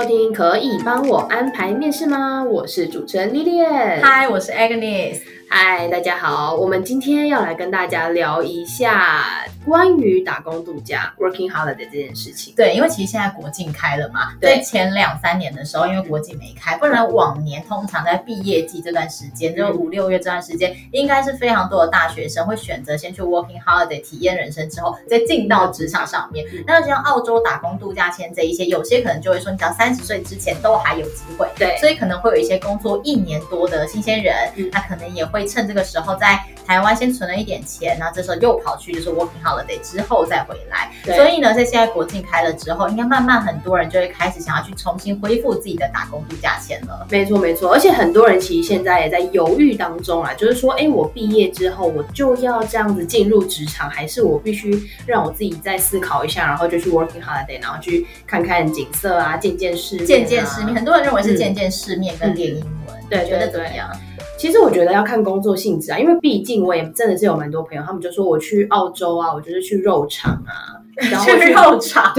收聽可以幫我安排面試嗎？我是主持人莉莉安。嗨，我是 Agnes，嗨。Hi, 大家好，我們今天要來跟大家聊一下。關於打工度假 working holiday 這件事情，對，因為其實現在國境開了嘛，對，前兩三年的時候，因為國境沒開，不然往年通常在畢業季這段時間，就、嗯、五六月這段時間，應該是非常多的大學生會選擇先去 working holiday 體驗人生，之後再進到職場上面。嗯、那像澳洲打工度假簽這一些，有些可能就會說，你到三十歲之前都還有機會，對，所以可能會有一些工作一年多的新鮮人，嗯、他可能也會趁這個時候在。台灣先存了一點錢，那這時候又跑去就是 working holiday 之後再回來，對所以呢，在現在國境開了之後，應該慢慢很多人就會開始想要去重新恢復自己的打工度假錢了。沒錯沒錯，而且很多人其實現在也在猶豫當中啊，就是說，哎、欸，我畢業之後我就要這樣子進入職場，還是我必須讓我自己再思考一下，然後就去 working holiday，然後去看看景色啊，見見世、啊、見見世面。很多人認為是見見世面跟練英文，對、嗯，嗯、覺得怎麼樣？對對對其實我覺得要看工作性質啊，因為畢竟我也真的是有蠻多朋友，他們就說我去澳洲啊，我就是去肉場，啊，然後去肉場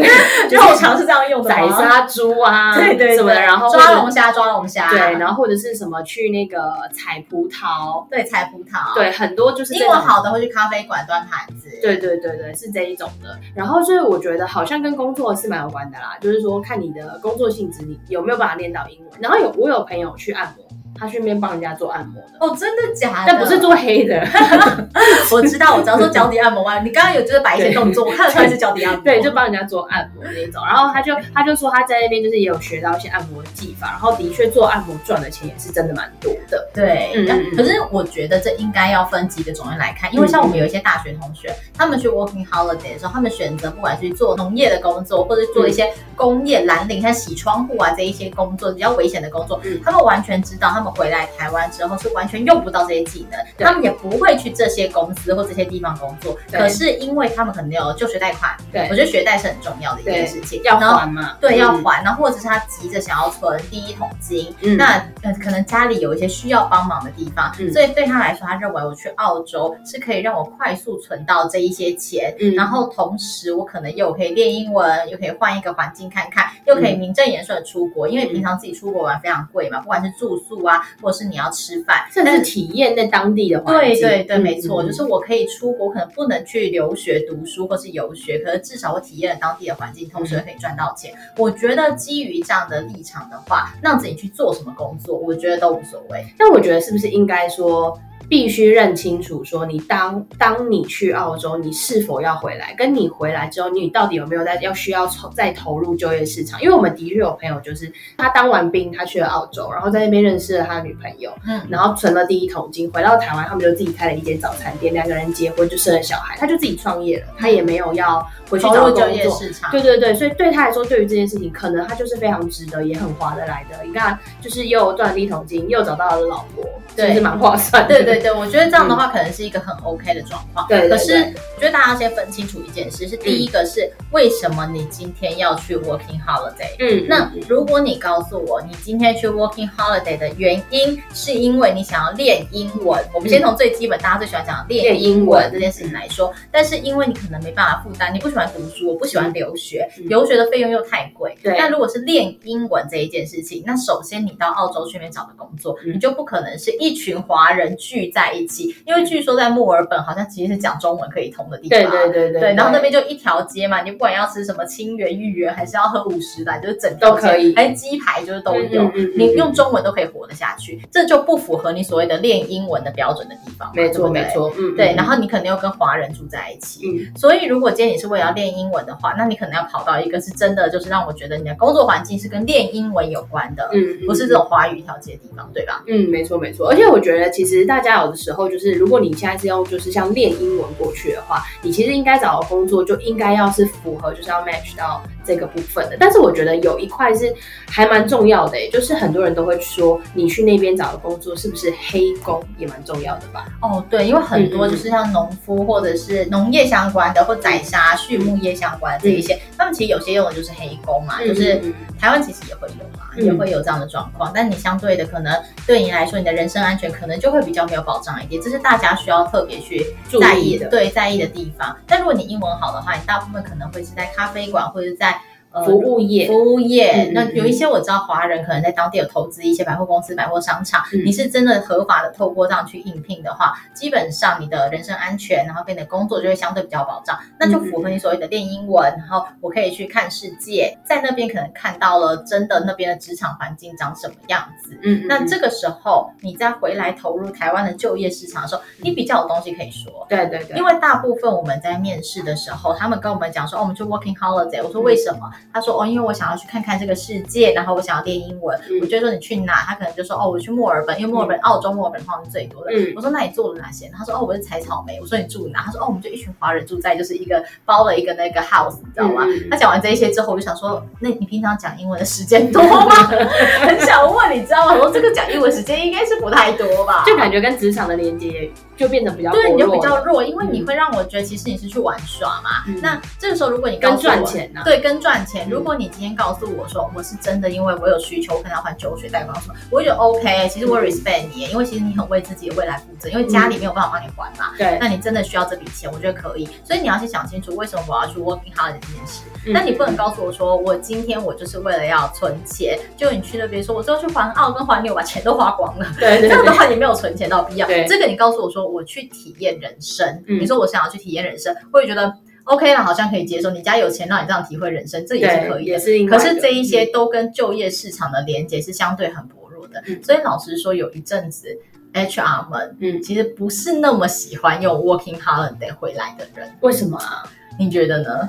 肉場是這樣用的。宰殺豬啊，對對、對、對什麼的，然後抓龍蝦抓龍蝦，龍蝦對，然後或者是什麼去那個採葡萄，對，採葡萄，對，很多就是英文好的會去咖啡館端盤子，對對對對，是這一種的。然後就是我覺得好像跟工作是蠻有關的啦，就是說看你的工作性質，你有沒有辦法練到英文。然後有我有朋友去按摩。他順便幫人家做按摩的哦，真的假的？但不是做黑的， 我知道。我只要說腳底按摩啊，你剛剛有就是擺一些動作，我看得出來是腳底按摩。對，就幫人家做按摩那種。然後他就對他就說他在那邊就是也有學到一些按摩技法。然後的確做按摩賺的錢也是真的蠻多的。對，嗯嗯。可是我覺得這應該要分幾個種類來看，因為像我們有一些大學同學，嗯嗯，他們去 working holiday 的時候，他們選擇不管去做農業的工作，或者做一些工業藍領，像洗窗戶啊這一些工作比較危險的工作，嗯嗯，他們完全知道。他們回來台灣之後是完全用不到這些技能，他們也不會去這些公司或這些地方工作。可是因為他們可能有就學貸款，對，我覺得學貸是很重要的一件事情。要還嗎？對，要還。然後或者是他急着想要存第一桶金，那呃可能家裡有一些需要幫忙的地方，所以對他來說，他認為我去澳洲是可以讓我快速存到這一些錢。然後同時我可能又可以練英文，又可以換一個環境看看，又可以名正言順的出國，因為平常自己出國玩非常貴嘛，不管是住宿啊。或是你要吃飯，甚至是體驗在當地的環境。對對對，嗯、沒錯，就是我可以出國，可能不能去留學讀書或是遊學，可是至少我體驗了當地的環境，同時可以賺到錢。嗯、我覺得基於這樣的立場的話，那自己去做什麼工作，我覺得都無所謂。但我覺得是不是應該說？必須認清楚說，你當當你去澳洲，你是否要回來？跟你回來之後，你到底有沒有在要需要投再投入就業市場？因為我們的確有朋友，就是他當完兵，他去了澳洲，然後在那邊認識了他的女朋友，嗯，然後存了第一桶金，回到台灣，他們就自己開了一間早餐店，兩個人結婚就生了小孩，他就自己創業了，他也沒有要回去找工作，投入就業市場。對對對，所以對他來說，對於這件事情，可能他就是非常值得，也很划得來的。你看，就是又賺第一桶金，又找到了老婆。對，是蠻划算。對對對，我覺得這樣的話可能是一個很 OK 的狀況。嗯、對，對，對，可是我覺得大家要先分清楚一件事，是第一個是為什麼你今天要去 Working Holiday。嗯，那如果你告訴我你今天去 Working Holiday 的原因，是因為你想要練英文，嗯、我們先從最基本大家最喜歡講的練英文這件事情來說。嗯、但是因為你可能沒辦法負擔，你不喜歡讀書，我不喜歡留學，留學的費用又太貴。對、嗯，那如果是練英文這一件事情，那首先你到澳洲去面找的工作，你就不可能是一。一群華人聚在一起，因為據說在墨爾本好像其實是講中文可以通的地方，對對對對。對然後那邊就一條街嘛，對你不管要吃什麼清圓玉圓，還是要喝五十嵐，就是整條街，都可以還雞排，就是都有，嗯嗯嗯嗯，你用中文都可以活得下去，這就不符合你所謂的練英文的標準的地方。沒錯錯沒錯，嗯嗯對。然後你肯定又跟華人住在一起，嗯、所以如果今天你是為了要練英文的話，那你可能要跑到一個是真的就是讓我覺得你的工作環境是跟練英文有關的，嗯嗯嗯嗯，不是這種華語一條街的地方，對吧？嗯，沒錯沒錯。而且我覺得，其實大家有的時候就是，如果你現在是用就是像練英文過去的話，你其實應該找的工作就應該要是符合，就是要 match 到這個部分的。但是我覺得有一塊是還蠻重要的，欸，就是很多人都會說，你去那邊找的工作是不是黑工，也蠻重要的吧？哦，對，因為很多就是像農夫或者是農業相關的，嗯、或宰殺、嗯、畜牧業相關這一些，嗯、他們其實有些用的就是黑工嘛，嗯、就是台灣其實也會有嘛，嗯、也會有這樣的狀況。但你相對的，可能對你來說，你的人生。安全可能就會比較沒有保障一點，這是大家需要特別去在意、注意的，對，在意的地方。嗯。但如果你英文好的話，你大部分可能會是在咖啡館或者在。服務業，服務業，那有一些我知道華人可能在當地有投資一些百貨公司、百貨商場。你是真的合法的，透過這樣去應聘的話，基本上你的人身安全，然後跟你的工作就會相對比較保障。那就符合你所謂的練英文，然後我可以去看世界，在那邊可能看到了真的那邊的職場環境長什麼樣子。嗯，那這個時候你再回來投入台灣的就業市場的時候，你比較有東西可以說。對對對，因為大部分我們在面試的時候，他們跟我們講說哦，我們去 working holiday，我說為什麼？他說哦，因為我想要去看看這個世界，然後我想要練英文。嗯、我就說你去哪？他可能就說哦，我去墨爾本，因為墨爾本、嗯、澳洲墨爾本的話是最多的。嗯、我說那你做了哪些？他說哦，我是採草莓。我說你住哪？他說哦，我們就一群華人住在就是一個包了一個那個 house，你知道嗎？他講、嗯、完這一些之後，我就想說，那你平常講英文的時間多嗎？ 很想問，你知道嗎？我說這個講英文時間應該是不太多吧？就感覺跟職場的連接就變得比較弱，對，你就比較弱，因為你會讓我覺得其實你是去玩耍嘛。嗯、那這個時候如果你跟賺錢呢、啊？對跟賺。如果你今天告訴我說我是真的，因為我有需求，我可能要還就學貸款什麼，我覺得 OK。其實我 respect 你也，因為其實你很為自己的未來負責，因為家裡沒有辦法幫你還嘛。對、嗯。那你真的需要這筆錢，我覺得可以。對所以你要去想清楚，為什麼我要去 working holiday 的這件事。那、嗯、你不能告訴我說，我今天我就是為了要存錢，就你去那邊說，我都要去環澳跟環紐，我把錢都花光了。對,對,對。這樣的話，你沒有存錢到必要。對這個你告訴我說，我去體驗人生。嗯、你說我想要去體驗人生，我也覺得。OK 了，好像可以接受。你家有錢讓你這樣體會人生，這也是可以的。也是的，可是這一些都跟就業市場的連接是相對很薄弱的。嗯、所以老實說，有一陣子 HR 們，嗯，其實不是那麼喜歡用 working h o a i d 得，回來的人。為什麼啊？你覺得呢？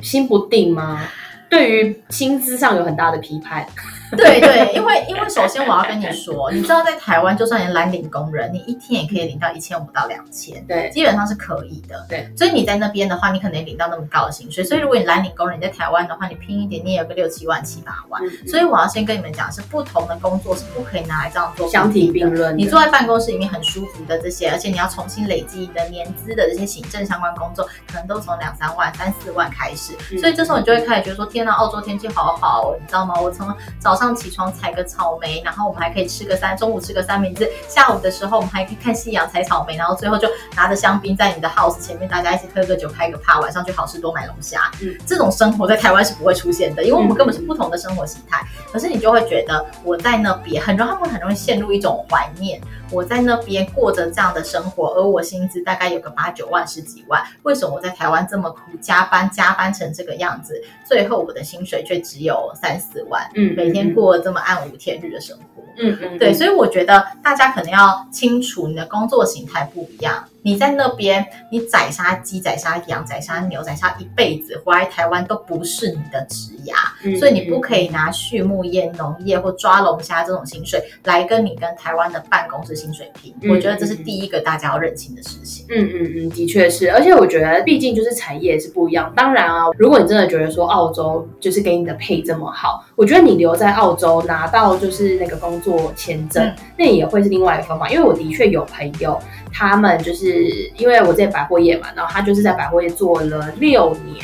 心不定嗎？對於薪資上有很大的批判。 對對，因為因為首先我要跟你說，你知道在台灣就算你藍領工人，你一天也可以領到一千五到兩千，對，基本上是可以的。對，所以你在那邊的話，你可能也領到那麼高的薪水。嗯、所以如果你藍領工人你在台灣的話，你拼一點，你也有個六七萬七八萬。嗯、所以我要先跟你們講，是不同的工作是不可以拿來這樣做相提並論。你坐在辦公室裡面很舒服的這些，而且你要重新累積你的年資的這些行政相關工作，可能都從兩三萬三四萬開始。嗯、所以這時候你就會開始覺得說：天吶、啊，澳洲天氣好好，你知道嗎？我從早。照早上起床採個草莓，然後我們還可以吃個三，中午吃個三明治，下午的時候我們還可以看夕陽、採草莓，然後最後就拿着香檳在你的 house 前面大家一起喝個酒、開個趴，晚上去好市多買龍蝦。嗯，這種生活在台灣是不會出現的，因為我們根本是不同的生活形態。嗯，可是你就會覺得我在那邊很容易，他們很容易陷入一種懷念。我在那邊過着這樣的生活，而我薪資大概有個八九萬、十幾萬。為什麼我在台灣這麼苦，加班加班成這個樣子，最後我的薪水卻只有三四萬？嗯，嗯，嗯，每天過這麼暗無天日的生活。嗯，嗯嗯，對，所以我覺得大家可能要清楚，你的工作形態不一樣。你在那邊，你宰殺雞、宰殺羊、宰殺牛、宰殺一輩子，回來台灣都不是你的職涯，嗯嗯、所以你不可以拿畜牧業、農業或抓龍蝦這種薪水來跟你跟台灣的辦公室薪水平。嗯嗯、我覺得這是第一個大家要認清的事情。嗯嗯嗯，的確是。而且我覺得，畢竟就是產業是不一樣。當然啊，如果你真的覺得說澳洲就是給你的 pay 這麼好，我覺得你留在澳洲拿到就是那個工作簽證，嗯、那也會是另外一個方法。因為我的確有朋友。他們就是因為我在百貨業嘛，然後他就是在百貨業做了六年，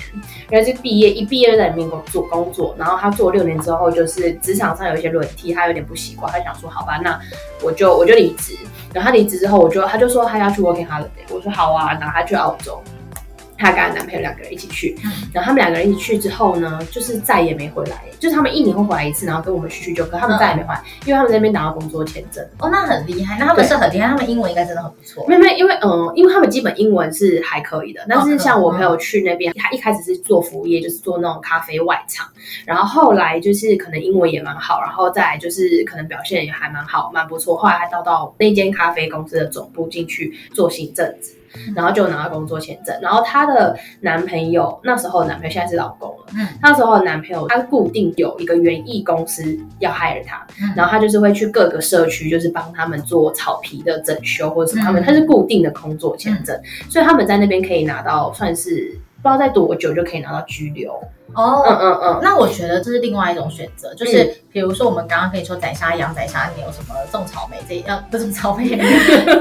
然後就畢業，一畢業就在裡面工作工作。然後他做了六年之後，就是職場上有一些輪替，他有點不習慣，他想說好吧，那我就我就離職。然後他離職之後，我就他就說他要去 working holiday，我說好啊，然後他去澳洲。她跟她男朋友兩個人一起去，嗯、然後他們兩個人一起去之後呢，就是再也沒回來。就是他們一年會回來一次，然後跟我們去去就可，他們再也沒回來，嗯、因為他們在那邊拿到工作簽證。哦，那很厲害，那他們是很厲害，對他們英文應該真的很不錯。沒沒，因為嗯、呃，因為他們基本英文是還可以的，但是像我朋友去那邊，哦嗯、他一開始是做服務業，就是做那種咖啡外場，然後後來就是可能英文也蠻好，然後再來就是可能表現也還蠻好，蠻不錯，後來還到到那間咖啡公司的總部進去做行政。嗯、然後就拿到工作簽證，然後她的男朋友那時候，男朋友現在是老公了，嗯，那時候男朋友他固定有一個園藝公司要 hire 他。他，嗯、然後他就是會去各個社區，就是幫他們做草皮的整修或者是他們他是固定的工作簽證，嗯、所以他們在那邊可以拿到，算是不知道在多久就可以拿到居留。哦，嗯嗯嗯，那我覺得這是另外一種選擇，就是比如說我們剛剛跟你說宰殺羊、宰殺牛什麼種草莓這，呃，不是草莓，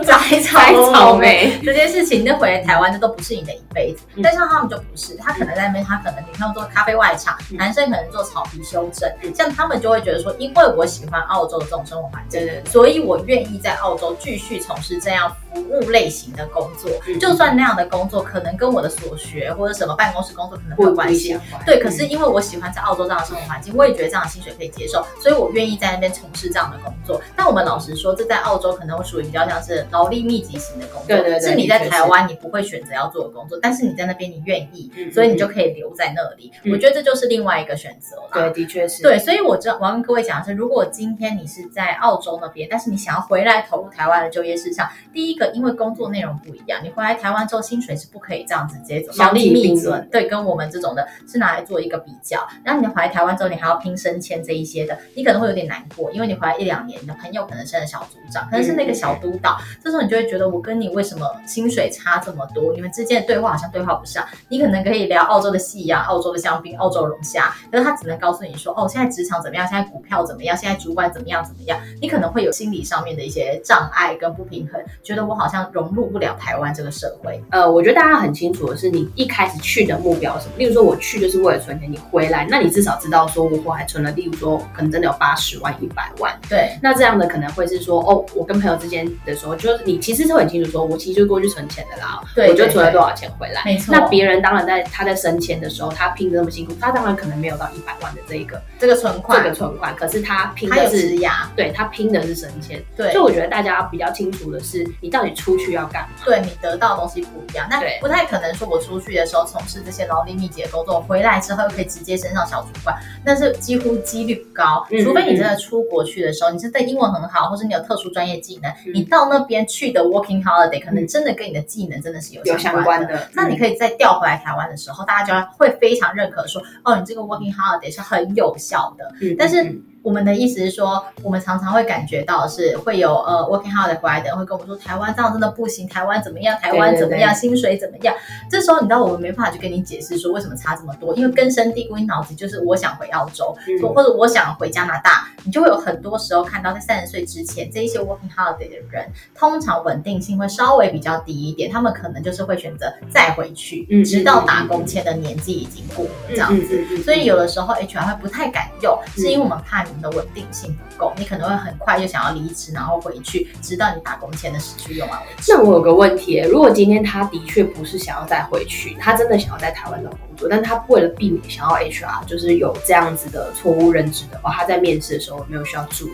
摘草草莓這件事情，那回來台灣那都不是你的一輩子。但是他們就不是，他可能在那邊，他可能女生做咖啡外場，男生可能做草皮修整。像他們就會覺得說，因為我喜歡澳洲的這種生活環境，所以，我願意在澳洲繼續從事這樣服務類型的工作，就算那樣的工作可能跟我的所學或者什麼辦公室工作可能沒有關係，對。可是因為我喜歡在澳洲這樣的生活環境，我也覺得這樣的薪水可以接受，所以我願意在那邊從事這樣的工作。但我們老實說，這在澳洲可能會屬於比較像是勞力密集型的工作。對對對，是你在，你，你在台灣你不會選擇要做的工作，但是你在那邊你願意，嗯、所以你就可以留在那裡。嗯、我覺得這就是另外一個選擇了。嗯、對，的確是。對，所以我知道我要跟各位講的是，如果今天你是在澳洲那邊，但是你想要回來投入台灣的就業市場，第一個，因為工作內容不一樣，你回來台灣之後薪水是不可以這樣子直接走氣勞力密集，嗯、對，跟我們這種的是拿來做一個比較，然後你回來台灣之後，你還要拼升遷這一些的，你可能會有點難過，因為你回來一兩年，你的朋友可能是小組長，可能是那個小督導，嗯、這時候你就會覺得，我跟你為什麼薪水差這麼多？你們之間的對話好像對話不上。你可能可以聊澳洲的戲啊，澳洲的香檳、澳洲龍蝦，但是他只能告訴你說哦，現在職場怎麼樣？現在股票怎麼樣？現在主管怎麼樣怎麼樣？你可能會有心理上面的一些障礙跟不平衡，覺得我好像融入不了台灣這個社會。呃，我覺得大家很清楚的是，你一開始去的目標什麼？例如說，我去就是為了。存錢，你回來，嗯、那你至少知道說，我還存了，例如說，可能真的有八十萬、一百萬。對，那這樣的可能會是說，哦，我跟朋友之間的時候，就是你其實是很清楚說，說我其實就過去存錢的啦。對,對,對，我就存了多少錢回來。沒錯。那別人當然在他在升遷的時候，他拼的那麼辛苦，他當然可能沒有到一百萬的這一個這個存款，這個存款。可是他拼的是他他對他拼的是升遷。對，所以我覺得大家要比較清楚的是，你到底出去要幹嘛？對你得到的東西不一樣。那對。不太可能說，我出去的時候從事這些勞力密集的工作，回來。之後又可以直接升上小主管，但是幾乎幾率不高，嗯、除非你真的出國去的時候，嗯、你是對英文很好，或是你有特殊專業技能，嗯、你到那邊去的 working holiday 可能真的跟你的技能真的是有相關的有相關的。那、嗯、你可以再調回來台灣的時候，大家就會非常認可說，哦，你這個 working holiday 是很有效的。嗯、但是。嗯嗯我們的意思是說，我們常常會感覺到是會有呃，working holiday 回來的人會跟我們說，台灣這樣真的不行，台灣怎麼樣，台灣怎麼樣，對對對，薪水怎麼樣？這時候你知道我們沒辦法去跟你解釋說，為什麼差這麼多，因為根深蒂固，你腦子就是我想回澳洲，嗯、或者我想回加拿大，你就會有很多時候看到在三十歲之前，這一些 working holiday 的人，通常穩定性會稍微比較低一點，他們可能就是會選擇再回去，直到打工簽的年紀已經過了這樣子，所以有的時候 HR 會不太敢用，嗯、是因為我們怕。你的穩定性不夠，你可能會很快就想要離職，然後回去，直到你打工簽的時區用完為止。那我有個問題欸，如果今天他的確不是想要再回去，他真的想要在台灣找工作，但他為了避免想要 HR 就是有這樣子的錯誤認知的話，他在面試的時候有沒有需要注意？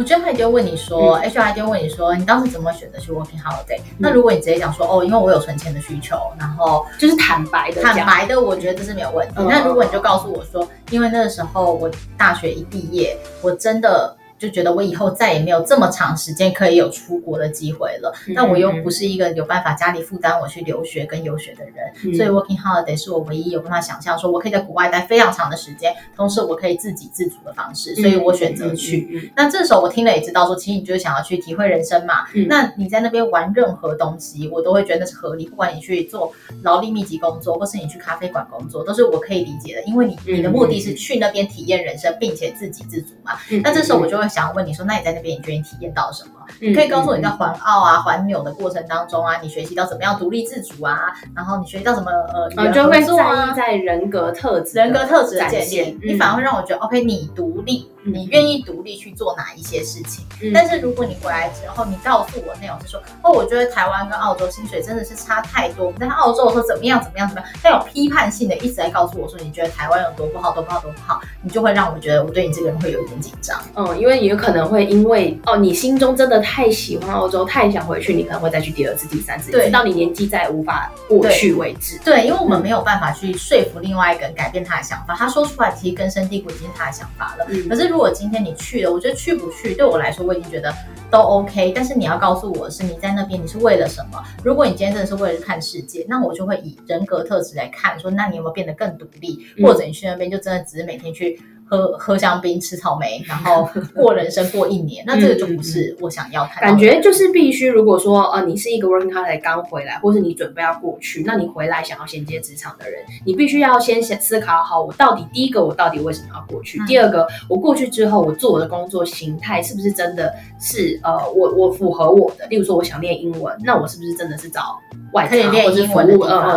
我覺得他一定會問你說，HR 就會問你說，你當時怎麼選擇去 Working Holiday？那如果你直接講說，嗯、哦，因為我有存錢的需求，然後就是坦白的，坦白的，我覺得這是沒有問題。嗯、那如果你就告訴我說，因為那個時候我大學一畢業，我真的。就覺得我以後再也沒有這麼長時間可以有出國的機會了。嗯、那我又不是一個有辦法家裡負擔我去留學跟遊學的人，嗯、所以 working holiday 是我唯一有辦法想象說，我可以在國外待非常長的時間，同時我可以自給自足的方式。嗯、所以我選擇去。嗯嗯嗯、那這時候我聽了也知道說，其實你就是想要去體會人生嘛。嗯、那你在那邊玩任何東西，我都會覺得是合理。不管你去做勞力密集工作，或是你去咖啡館工作，都是我可以理解的，因為你、嗯、你的目的是去那邊體驗人生，並且自給自足嘛。那、嗯嗯嗯、這時候我就會。想要問你說，那你在那邊，你覺得你體驗到了什麼？你、嗯、可以告訴我你在環澳啊、嗯、環紐的過程當中啊，你學習到怎麼樣獨立自主啊，然後你學習到什麼呃，你、呃、就會在意在人格特質，人格特質的展現，展現嗯、你反而會讓我覺得，OK，你獨立。你願意獨立去做哪一些事情？嗯，但是如果你回來之後，你告訴我內容是說哦，我覺得台灣跟澳洲薪水真的是差太多。在澳洲說怎麼樣怎麼樣怎麼樣，帶有批判性的一直在告訴我說，說你覺得台灣有多不好，多不好，多不好，你就會讓我覺得我對你這個人會有點緊張。嗯，因為你有可能會因為哦，你心中真的太喜歡澳洲，太想回去，你可能會再去第二次、第三次，對，直到你年紀再也無法過去為止對。對，因為我們沒有辦法去說服另外一個人改變他的想法，他說出來其實根深蒂固已經是他的想法了。嗯，可是。如果今天你去了，我覺得去不去對我來說，我已經覺得都 OK。但是你要告訴我是你在那邊，你是為了什麼？如果你今天真的是為了看世界，那我就會以人格特質來看，說那你有沒有變得更獨立？嗯、或者你去那邊就真的只是每天去。喝喝香檳，吃草莓， 然後過人生過一年， 那這個就不是我想要看的、嗯。嗯嗯、感覺就是必須，如果說、呃、你是一個 working holiday 才剛回來，或是你準備要過去，那你回來想要銜接職場的人，你必須要先先思考好，我到底第一個我到底為什麼要過去？嗯、第二個，我過去之後我做我的工作型態是不是真的是呃，我我符合我的？例如說，我想練英文，那我是不是真的是找外場練英文的是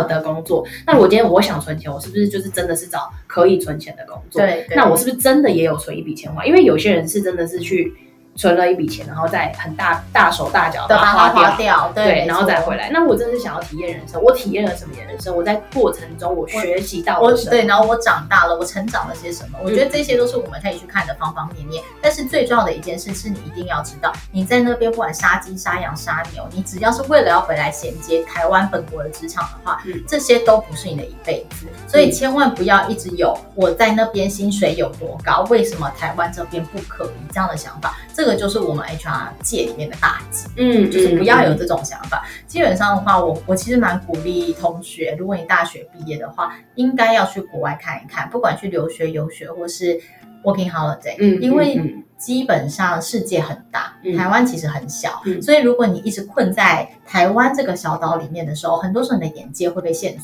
的工作？嗯、那如果今天我想存錢，我是不是就是真的是找可以存錢的工作？對，對那我是。是不是真的也有存一筆錢花？因為有些人是真的是去。存了一筆錢，然後再很大大手大腳的把它花掉，對，錯然後再回來。那我真是想要體驗人生，我體驗了什麼人生？我在過程中我學習到了什麼我我？對，然後我長大了，我成長了些什麼？我覺得這些都是我們可以去看的方方面面。嗯、但是最重要的一件事是你一定要知道，你在那邊不管殺雞、殺羊、殺牛，你只要是為了要回來銜接台灣本國的職場的話，嗯、這些都不是你的一輩子。嗯、所以千萬不要一直有我在那邊薪水有多高，為什麼台灣這邊不可以這樣的想法。這這個就是我們 HR 界裡面的大忌，嗯，就是不要有這種想法。嗯嗯、基本上的話，我我其實蠻鼓勵同學，如果你大學畢業的話，應該要去國外看一看，不管去留學、遊學或是 working holiday，嗯，因為。基本上世界很大，嗯、台灣其實很小，嗯、所以如果你一直困在台灣這個小島裡面的時候，很多時候你的眼界會被限縮，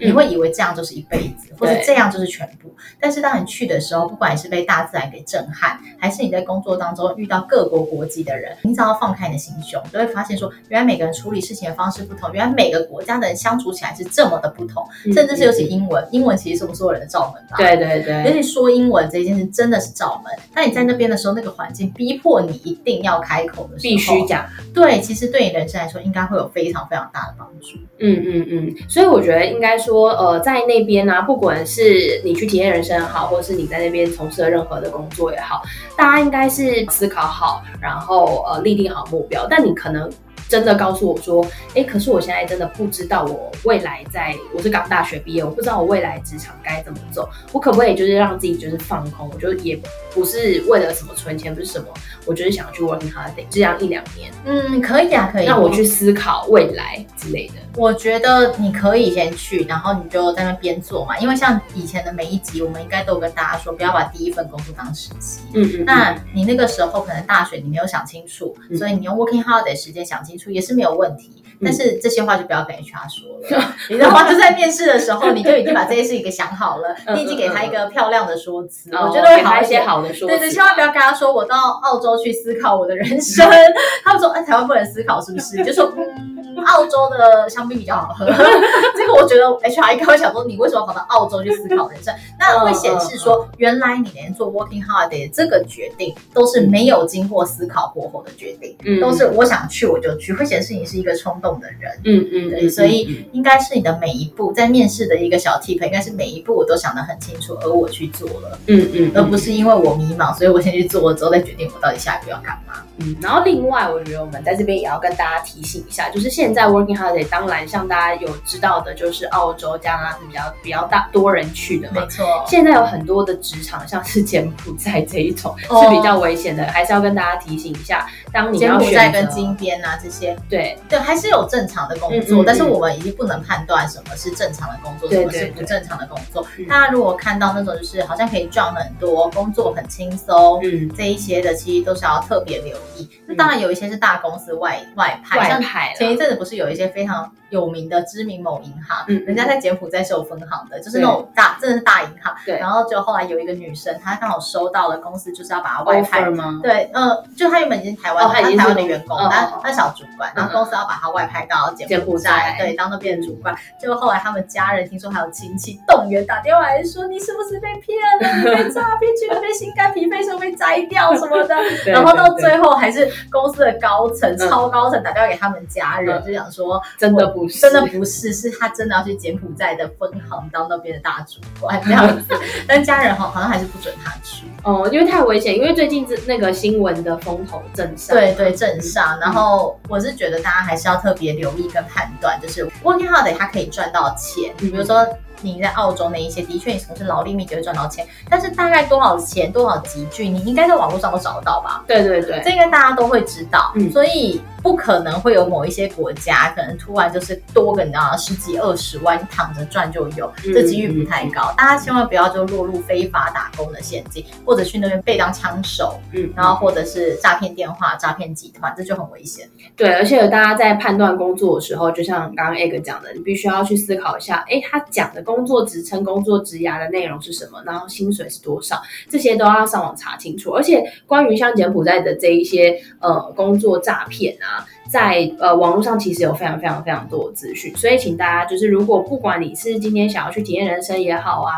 嗯、你會以為這樣就是一輩子，嗯、或者這樣就是全部。對但是當你去的時候，不管你是被大自然給震撼，還是你在工作當中遇到各國國籍的人，你只要放開你的心胸，就會發現說，原來每個人處理事情的方式不同，原來每個國家的人相處起來是這麼的不同，嗯、甚至是尤其英文，嗯、英文其實是我們所有人的罩門吧？對對對，而且說英文這件事真的是罩門。那你在那邊的時候，那。這個環境逼迫你一定要開口的時候，必須講。對，其實對你人生來說，應該會有非常非常大的幫助。嗯嗯嗯，所以我覺得應該說，呃，在那邊啊，不管是你去體驗人生好，或者是你在那邊從事的任何的工作也好，大家應該是思考好，然後呃，立定好目標。但你可能。真的告訴我說，哎、欸，可是我現在真的不知道我未來在，我是剛大學畢業，我不知道我未來職場該怎麼走，我可不可以就是讓自己就是放空，我就也不是為了什麼存錢，不是什麼，我就是想去 working holiday 這樣一兩年，嗯，可以啊，可以、啊，那我去思考未來之類的。我覺得你可以先去，然後你就在那邊做嘛。因為像以前的每一集，我們應該都有跟大家說，不要把第一份工作當實習嗯,嗯,嗯，那你那個時候可能大學你沒有想清楚，嗯、所以你用 working holiday 的時間想清楚也是沒有問題。嗯、但是這些話就不要跟 HR 說了。嗯、你的話 就在面試的時候，你就已經把這些事情給想好了， 你已經給他一個漂亮的說辭。哦、我覺得會好一些。一些好的說辭，對對，千萬不要跟他說我到澳洲去思考我的人生。嗯、他們說，哎、啊，台灣不能思考，是不是？你就說。嗯澳洲的香檳比較好喝，這個 我覺得 HR 應該會想說，你為什麼跑到澳洲去思考人生？ 那會顯示說，原來你連做 working holiday 這個決定都是沒有經過思考過後的決定，嗯、都是我想去我就去，會顯示你是一個衝動的人。嗯嗯，對，嗯、所以應該是你的每一步在面試的一個小 tip，應該是每一步我都想得很清楚，而我去做了。嗯嗯，嗯，而不是因為我迷茫，所以我先去做了，之後再決定我到底下一步要幹嘛。嗯，然後另外我覺得我們在這邊也要跟大家提醒一下，就是現在現在 working holiday 當然像大家有知道的，就是澳洲、加拿大比較比較大多人去的。沒錯。現在有很多的職場像是柬埔寨這一種是比較危險的，還是要跟大家提醒一下。當你要選擇柬埔寨跟金邊啊這些，對對，還是有正常的工作，但是我們已經不能判斷什麼是正常的工作，什麼是不正常的工作。大家如果看到那種就是好像可以賺很多、工作很輕鬆，嗯，這一些的，其實都是要特別留意。那當然有一些是大公司外外派，像前一陣。不是有一些非常有名的知名某銀行，嗯，人家在柬埔寨是有分行的，就是那種大，真的是大銀行。對，然後就後來有一個女生，她剛好收到了公司就是要把她外派嗎？對，嗯，就她原本已經台灣，她已經台灣的員工，她她小主管，然後公司要把她外派到柬埔寨，對，當那邊的主管。就後來他們家人聽說還有親戚動員打電話來說：“你是不是被騙了？被詐騙？去被心肝脾肺腎被摘掉什麼的？”然後到最後還是公司的高層、超高層打電話給他們家人。就想說，真的不是，真的不是，是他真的要去柬埔寨的分行當那邊的大主管這樣子， 但家人好像還是不准他去哦，因為太危險，因為最近這那個新聞的風頭正上。對，對對正上，然後我是覺得大家還是要特別留意跟判斷，就是 working holiday 他可以賺到錢，你、嗯、比如說你在澳洲那一些，的確你從事勞力密集會賺到錢，但是大概多少錢多少集聚，你應該在網絡上都找得到吧？對對對，對這應、個、該大家都會知道，嗯，所以。不可能會有某一些國家可能突然就是多個你知道十幾二十萬躺着賺就有，這幾率不太高。嗯嗯、大家千萬不要就落入非法打工的陷阱，或者去那邊被當槍手，嗯，然後或者是詐騙電話、詐騙集團，這就很危險。對，而且有大家在判斷工作的時候，就像剛剛 Agnes 講的，你必須要去思考一下，哎，他講的工作職稱、工作職涯的內容是什麼，然後薪水是多少，這些都要上網查清楚。而且關於像柬埔寨的這一些呃工作詐騙啊。在呃網絡上其實有非常非常非常多的資訊，所以請大家就是，如果不管你是今天想要去體驗人生也好啊，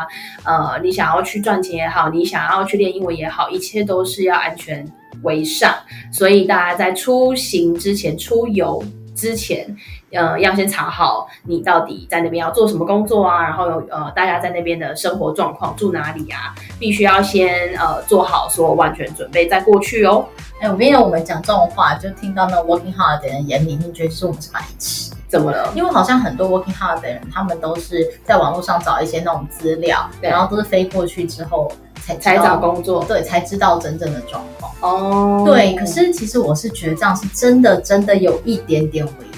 呃，你想要去賺錢也好，你想要去練英文也好，一切都是要安全為上。所以大家在出行之前出遊之前，呃，要先查好你到底在那邊要做什麼工作啊，然後有呃，大家在那邊的生活狀況，住哪裡啊，必須要先呃做好說完全準備再過去哦。哎，我沒有我們講這種話，就聽到那 working holiday 的人眼裡，你覺得是我們是白痴？怎麼了？因為好像很多 working holiday 的人，他們都是在網絡上找一些那種資料，對然後都是飛過去之後。才才找工作，對，才知道真正的狀況哦。Oh. 對，可是其實我是覺得這樣是真的，真的有一點點違。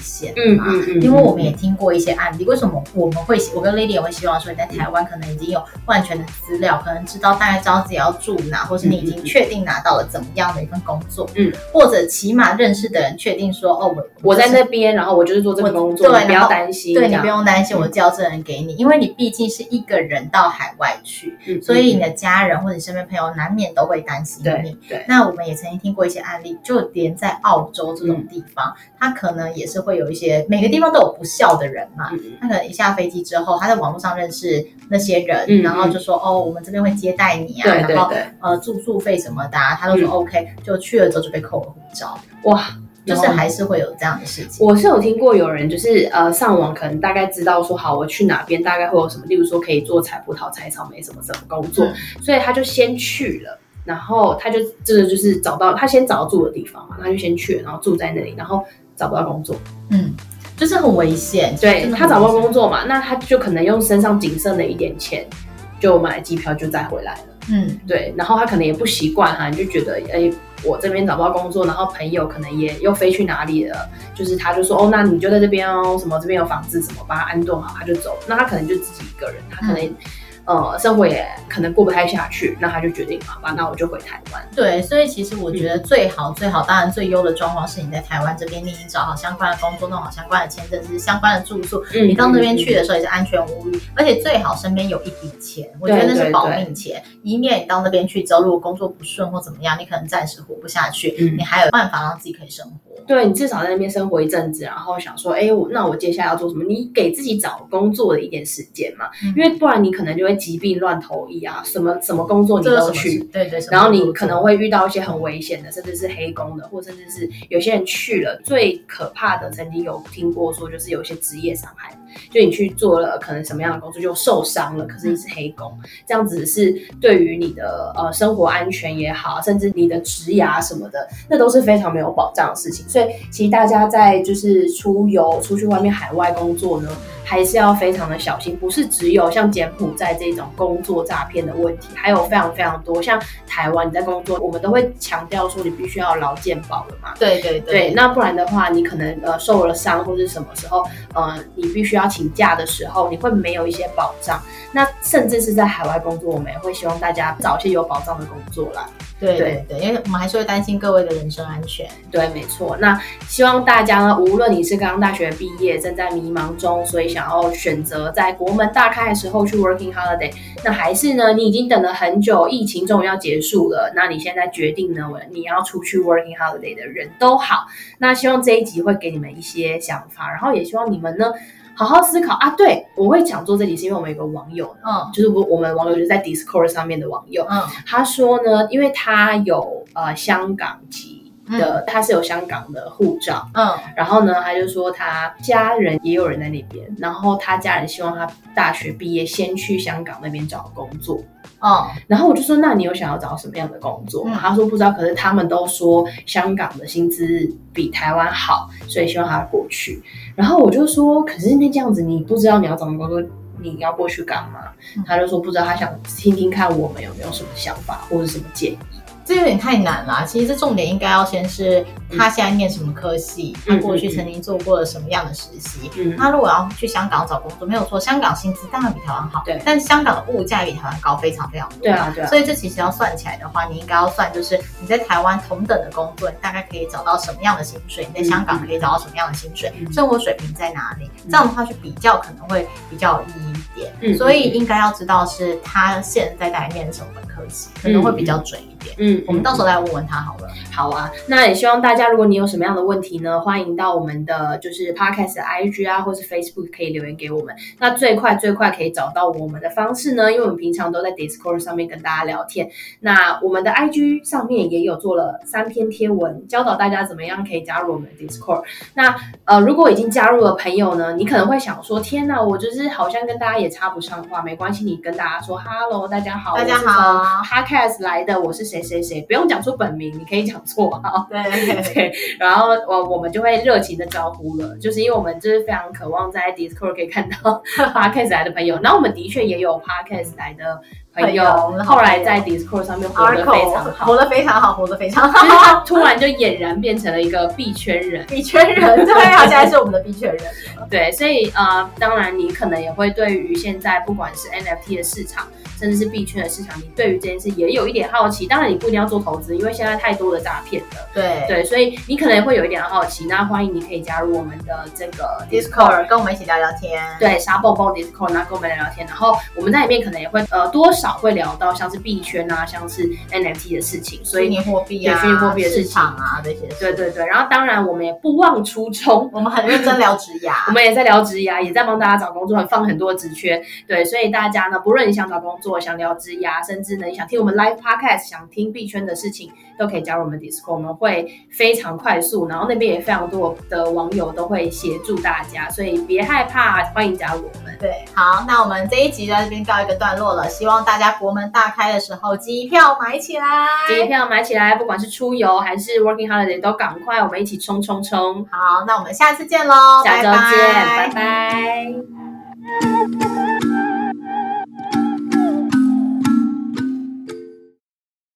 嗯，嗯，嗯，嗯，因為我們也聽過一些案例，為什麼我們會，我跟 Lillian 也會希望說，你在台灣可能已經有萬全的資料，可能知道大概知道自己要住哪，或是你已經確定拿到了怎麼樣的一份工作，嗯，嗯，嗯，或者起碼認識的人確定說，哦，我我、就是、我在那邊，然後我就是做這份工作，對，不要擔心，對你不用擔心，我交這人給你，嗯、因為你畢竟是一個人到海外去，嗯嗯，所以你的家人或者身邊朋友難免都會擔心你。對，對那我們也曾經聽過一些案例，就連在澳洲這種地方，他、嗯、可能也是會。會有一些，每個地方都有不肖的人嘛。嗯嗯，他可能一下飛機之後，他在網絡上認識那些人，嗯嗯，然後就說：“哦，我們這邊會接待你啊。”對對對，呃，住宿費什麼的，啊，他都說、嗯、OK。就去了之後就被扣了護照。哇，就是還是會有這樣的事情。我是有聽過有人就是呃上網可能大概知道說好，我去哪邊大概會有什麼，例如說可以做採葡萄、採草莓什麼什麼工作，嗯、所以他就先去了。然後他就這個就是找到他，先找到住的地方嘛，他就先去了，然後住在那裡，然後找不到工作，嗯，就是很危險。對，他找不到工作嘛，那他就可能用身上僅剩的一點錢，就買機票就再回來了，嗯，對。然後他可能也不習慣哈，你就覺得哎、欸，我這邊找不到工作，然後朋友可能也又飛去哪裡了，就是他就說哦，那你就在這邊哦，什麼這邊有房子什麼，怎麼把他安頓好，他就走。那他可能就自己一個人，他可能。嗯呃、嗯，生活也可能過不太下去，那他就決定，好吧，那我就回台灣。對，所以其實我覺得最好最好、嗯、當然最優的狀況是你在台灣這邊，你已經找好相關的工作，弄好相關的簽證，是相關的住宿。嗯、你到那邊去的時候也是安全無虞，嗯、而且最好身邊有一筆錢，對我覺得那是保命錢。對對對，以免你到那邊去之後，如果工作不順或怎麼樣，你可能暫時活不下去，嗯、你還有辦法讓自己可以生活。對，你至少在那邊生活一陣子，然後想說，哎，我那我接下來要做什麼？你給自己找工作的一點時間嘛，嗯、因為不然你可能就會。疾病亂投醫啊，什麼什麼工作你都去，對對，然後你可能會遇到一些很危險的，甚至是黑工的，或甚至是有些人去了最可怕的。曾經有聽過說，就是有一些職業傷害，就你去做了可能什麼樣的工作就受傷了，可是你是黑工，嗯、這樣子是對於你的呃生活安全也好，甚至你的職業啊什麼的，那都是非常沒有保障的事情。所以其實大家在就是出遊出去外面海外工作呢。還是要非常的小心，不是只有像柬埔寨這種工作詐騙的問題，還有非常非常多，像台灣你在工作，我們都會強調說你必須要勞健保的嘛。對對對，對，那不然的話，你可能呃受了傷或是什麼時候，呃你必須要請假的時候，你會沒有一些保障。那甚至是在海外工作，我們也會希望大家找一些有保障的工作啦。對對對，對對對，因為我們還是會擔心各位的人身安全。對，沒錯。那希望大家呢，無論你是剛剛大學畢業正在迷茫中，所以想要選擇在國門大開的時候去 working holiday，那還是呢，你已經等了很久，疫情終於要結束了，那你現在決定呢，你要出去 working holiday 的人都好。那希望這一集會給你們一些想法，然後也希望你們呢。好好思考啊對！對我會講，做這集，是因為我們有個網友，嗯，就是我我們網友就是在 Discord 上面的網友，嗯，他說呢，因為他有呃香港籍。的、嗯、他是有香港的護照，嗯，然後呢，他就說他家人也有人在那邊，然後他家人希望他大學畢業先去香港那邊找工作，哦、嗯，然後我就說，那你有想要找什麼樣的工作？嗯、他說不知道，可是他們都說香港的薪資比台灣好，所以希望他過去。然後我就說，可是那這樣子你不知道你要找什麼工作，你要過去幹嘛？嗯、他就說不知道，他想聽聽看我們有沒有什麼想法或者什麼建議。這有點太難啦。其實這重點應該要先是他現在念什麼科系，嗯、他過去曾經做過了什麼樣的實習。嗯，他如果要去香港找工作，嗯、沒有錯，香港薪資當然比台灣好，對。但香港的物價也比台灣高，非常非常多。啊，對啊。所以這其實要算起來的話，嗯、你應該要算就是你在台灣同等的工作，你大概可以找到什麼樣的薪水？嗯、你在香港可以找到什麼樣的薪水？嗯、生活水平在哪裡？這樣的話去比較可能會比較有意義一點。嗯，所以應該要知道是他現在在念什麼。可能會比較準一點。嗯，我們到時候來問問他好了。嗯嗯、好啊，那也希望大家，如果你有什麼樣的問題呢，歡迎到我們的就是 podcast 的 IG 啊，或是 Facebook 可以留言給我們。那最快最快可以找到我們的方式呢，因為我們平常都在 Discord 上面跟大家聊天。那我們的 IG 上面也有做了三篇貼文，教導大家怎麼樣可以加入我們的 Discord。那呃，如果已經加入了朋友呢，你可能會想說：天哪、啊，我就是好像跟大家也插不上話。沒關係，你跟大家說哈嘍，大家好，大家好。Podcast 來的，我是誰誰誰，不用講出本名，你可以講錯啊。對，對，對， 對，然後我我們就會熱情的招呼了，就是因為我們就是非常渴望在 Discord 可以看到 Podcast 來的朋友。那我們的確也有 Podcast 來的。朋友後來在 Discord 上面活得非常好，活得非常好，活得非常好， 就是他突然就儼然變成了一個幣圈人， 幣圈人，對、啊，他 現在是我們的幣圈人。對，所以呃，當然你可能也會對於現在不管是 NFT 的市場，甚至是幣圈的市場，你對於這件事也有一點好奇。當然你不一定要做投資，因為現在太多的詐騙了。對對，所以你可能也會有一點好奇。那歡迎你可以加入我們的這個 Discord, Discord，跟我們一起聊聊天。對，沙蹦蹦 Discord，那跟我們聊聊天。然後我們在裡面可能也會呃多。少會聊到像是幣圈啊，像是 NFT 的事情，所以虛擬貨幣啊，虛擬對貨幣的事情市場啊，這些，對對對。然後當然我們也不忘初衷，我們很認真聊職涯， 我們也在聊職涯， 也在幫大家找工作，放很多職缺。對，所以大家呢，不論你想找工作、想聊職涯，甚至呢你想聽我們 live podcast、想聽幣圈的事情，都可以加入我們 Discord，我們會非常快速，然後那邊也非常多的網友都會協助大家，所以別害怕、啊，歡迎加入我們。對，好，那我們這一集在這邊告一個段落了，希望大家。大家國門大開的時候，機票買起來，機票買起來，不管是出遊還是 working holiday，都趕快，我們一起衝衝衝！好，那我們下次見嘍，下週見，拜拜。拜拜。